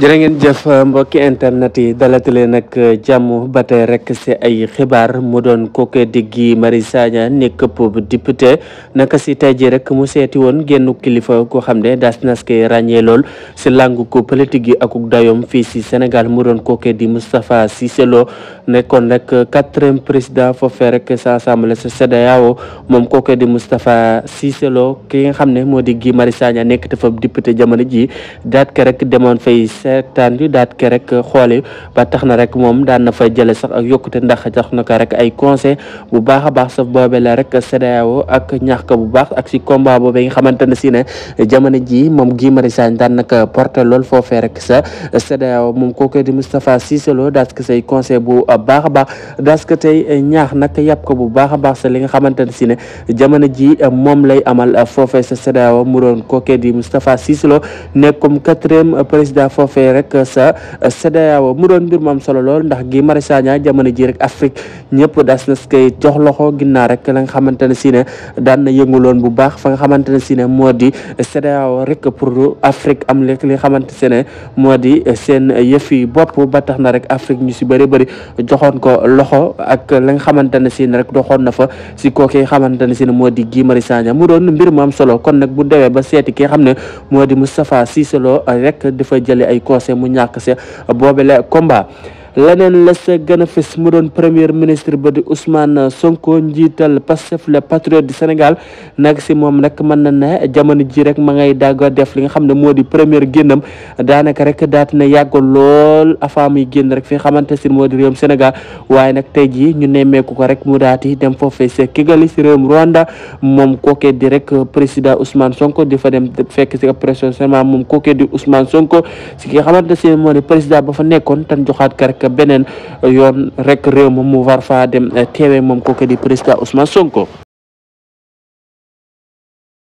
jërë ngeen jëf mbokki internet yi dalati leen nag jàmm ba rek ci ay xibaar mu doon ko ke diggi Marius Sagna nekk këpp député nak ci tayji rek mu séti won génn kilifa ko xamné ne daas rañé lol ci lool langu ko politique ak ak dayom fi ci Sénégal mu doon ke di Moustapha Cissé nekkon nak 4e président foofee rek sa assemblée sa mom ko ke di Moustapha Cissé ki nga xamné modi gi di Sagna te député jamono ji dat ke rek demoon fay seetaan yu daat ke rek xoole ba tax na rek moom daan na fa jële sax ak yokkute ndax tax na ko rek ay conseil bu baax a baax saf boobe la rek CEDEAO ak ñaax ko bu baax ak si ne si ne jamono ji moom Guy Marius Sagna daan na ko porté lool foofee rek sa CEDEAO moom kooku di Moustapha Cissé Lo daas say conseil bu baax a baax daas ko tey ñaax nag yàpp ko bu baax a baax sa li nga xamante ne si ne jamono ji moom lay amal foofee sa CEDEAO mu doon kooku di Moustapha Cissé comme quatrième président foofee foofee rek euh, sa euh, CEDEAO mu doon mbir mu am solo lool ndax gi Mari Sagna ji rek Afrique ñëpp das na koy jox loxo ginnaaw rek la nga xamante daan na yënguloon bu baax fa nga xamante ne si ne moo di CEDEAO rek pour Afrique am lekk li nga xamante si ba tax na rek Afrique ñu si bëri bëri joxoon ko loxo ak la nga xamante si ne rek doxoon na fa si kookee xamante ne si ne di gi Mari Sagna mu doon mbir mu am solo kon nag bu dewee ba seeti ki xam ne moo di Moustapha Cissé Lo rek dafa jële ay coosé mu ñàkk se boobele combat leneen la sa a fës mu doon premier ministre ba di Ousmane Sonko njiital Pastef le patriote du Sénégal nag si moom nag mën na ne jamono ji rek ma ngay dagga def li nga xam ne moo di première génnam daanaka rek daat na yàggo lool afaa muy génn rek fi xamante si moo di réewum Sénégal waaye nag tey jii ñu nemmeeku ko rek mu daati dem foofee sa Kigali si réewum Rwanda moom kookee di rek président Ousmane Sonko di fa dem fekk si pression seulement moom ko di Ousmane Sonko si ki xamante si ba fa nekkoon tan joxaat ka rek ak beneen yoon rek réew moom mu war fa dem teewe moom kooku di président Ousmane Sonko